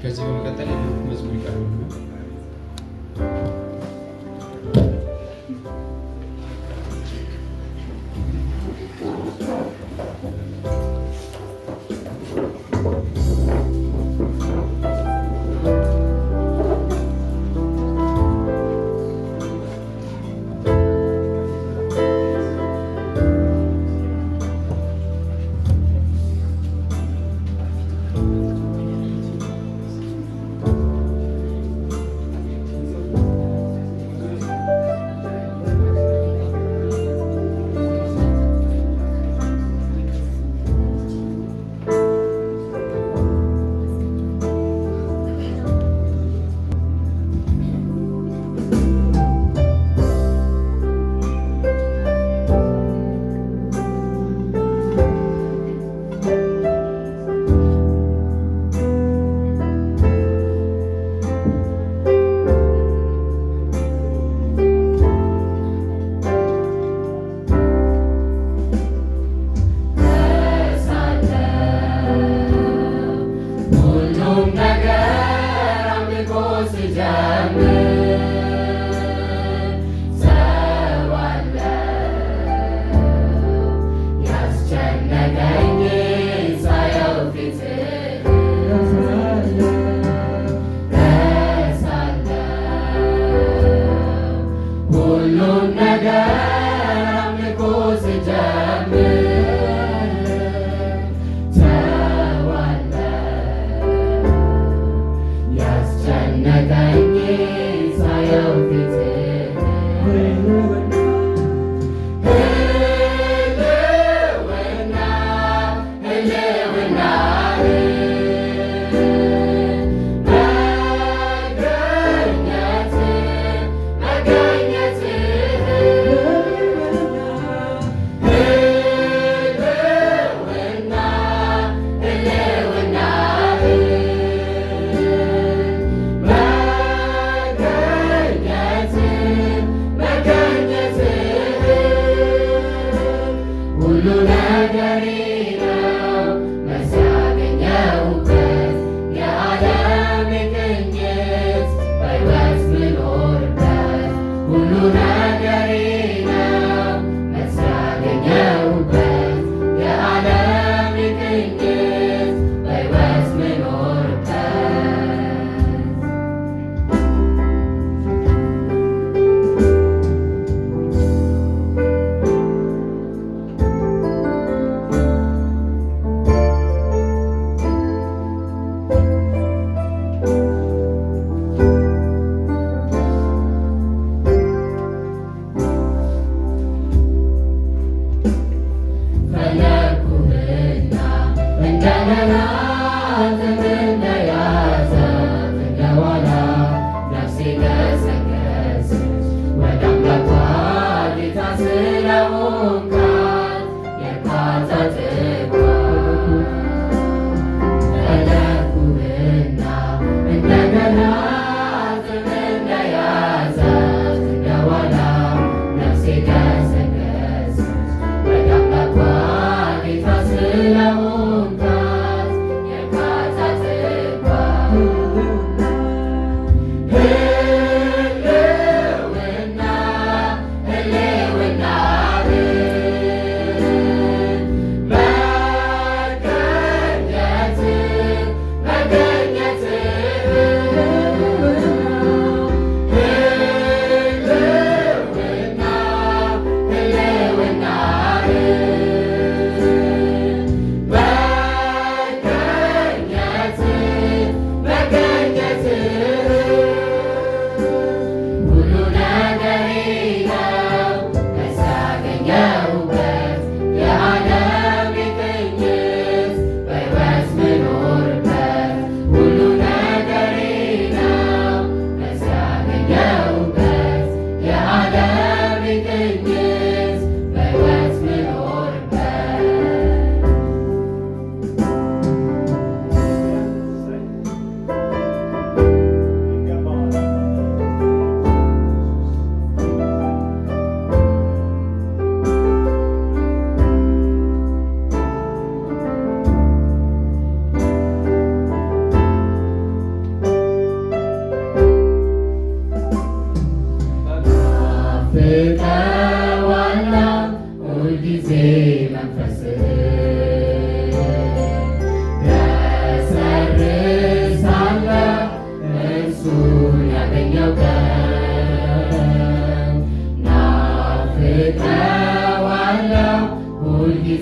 Quer dizer que eu nunca até lembro como eles brincaram, né?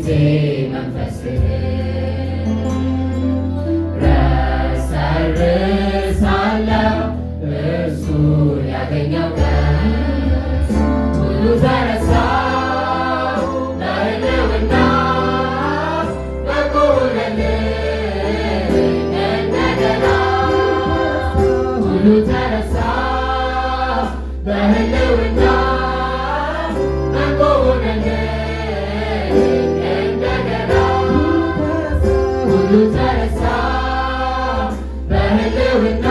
ጊዜ መንፈስህ I know it.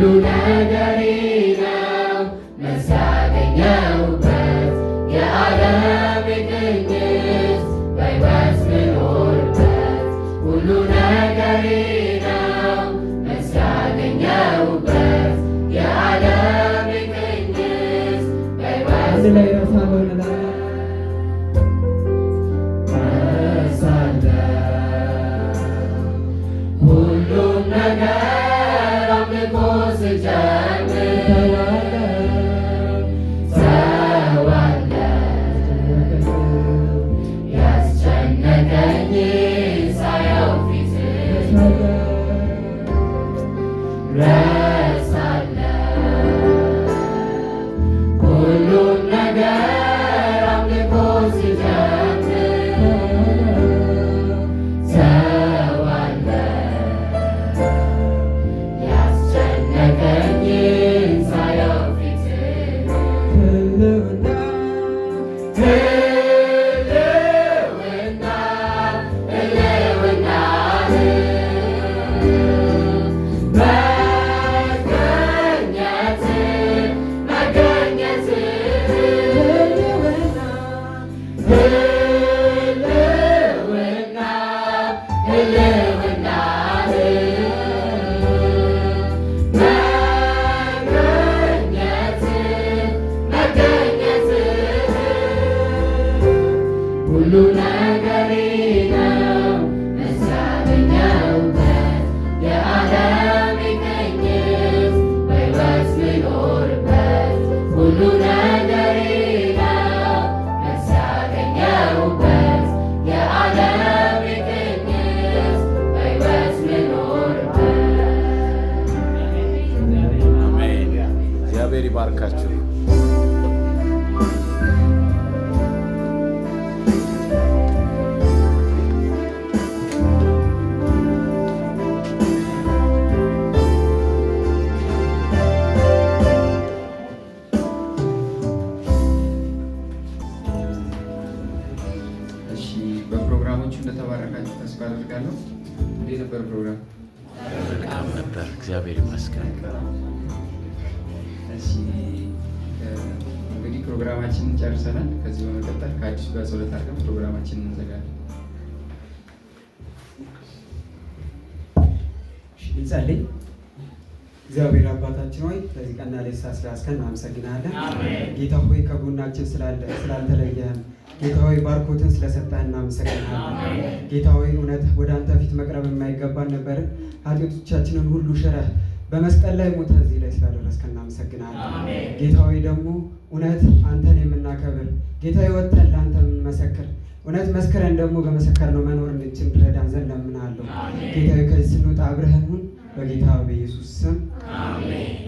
ሁሉ ነገሬ ነው መሳገኛውበት የዓለም ቅኝት ባይባስ ብኖርበት ሁሉ ነገሬ ነው መሳገኛውበት የዓለም ቅኝት ባይባስ ሁሉ ነገሬ ነው መሳገኛውበት የዓለም ቅኝት በሕይወት ብኖርበት ሁሉ ነገሬ ነው መሳገኛውበት የዓለም ቅኝት በሕይወት ብኖርበት። እግዚአብሔር ይባርካችሁ። እንደተባረካችሁ ተስፋ አድርጋለሁ። እንዴት ነበር ፕሮግራም? በጣም ነበር። እግዚአብሔር ይመስገን። እንግዲህ ፕሮግራማችንን ጨርሰናል። ከዚህ በመቀጠል ከአዲሱ ጋር ጸሎት አድርገን ፕሮግራማችንን እንዘጋለን። እንጸልይ። እግዚአብሔር አባታችን ሆይ በዚህ ቀንና ሌት ሳስላስከን እናመሰግናለን። ጌታ ሆይ ከጎናችን ስላለ ስላልተለየህን ጌታ ሆይ ባርኮትን ስለሰጠህ እናመሰግናለን። ጌታ ሆይ እውነት ወደ አንተ ፊት መቅረብ የማይገባን ነበር። ኃጢአቶቻችንን ሁሉ ሽረህ በመስቀል ላይ ሞተ እዚህ ላይ ስላደረስከ እናመሰግናለን። ጌታ ሆይ ደግሞ እውነት አንተን የምናከብር ጌታ ወተን ለአንተ የምንመሰክር እውነት መስክረን ደግሞ በመሰከር ነው መኖር እንድንችል ረዳን ዘንድ ለምናለሁ። ጌታ ከዚህ ስንወጣ አብረህን ሁን። በጌታ በኢየሱስ ስም